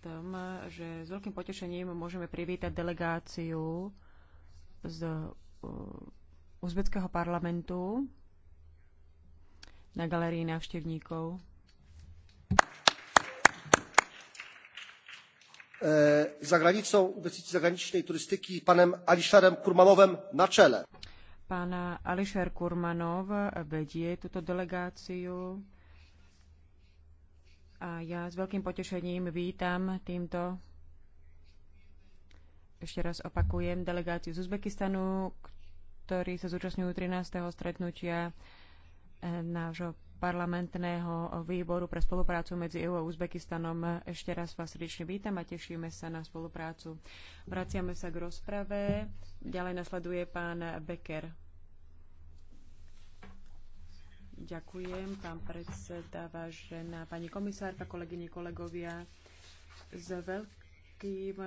tom, že s veľkým potešením môžeme privítať delegáciu z uh, uzbeckého parlamentu na galerii návštevníkov. E, za hranicou investícií zahraničnej turistiky turystyki panem Ališarem Kurmanowem na čele. Pána Ališer Kurmanov vedie túto delegáciu a ja s veľkým potešením vítam týmto ešte raz opakujem delegáciu z Uzbekistanu, ktorí sa zúčastňujú 13. stretnutia eh, nášho parlamentného výboru pre spoluprácu medzi EU a Uzbekistanom. Ešte raz vás srdečne vítam a tešíme sa na spoluprácu. Vraciame sa k rozprave. Ďalej nasleduje pán Becker. Ďakujem, pán predseda, vážená pani komisárka, kolegyne, kolegovia. S veľkým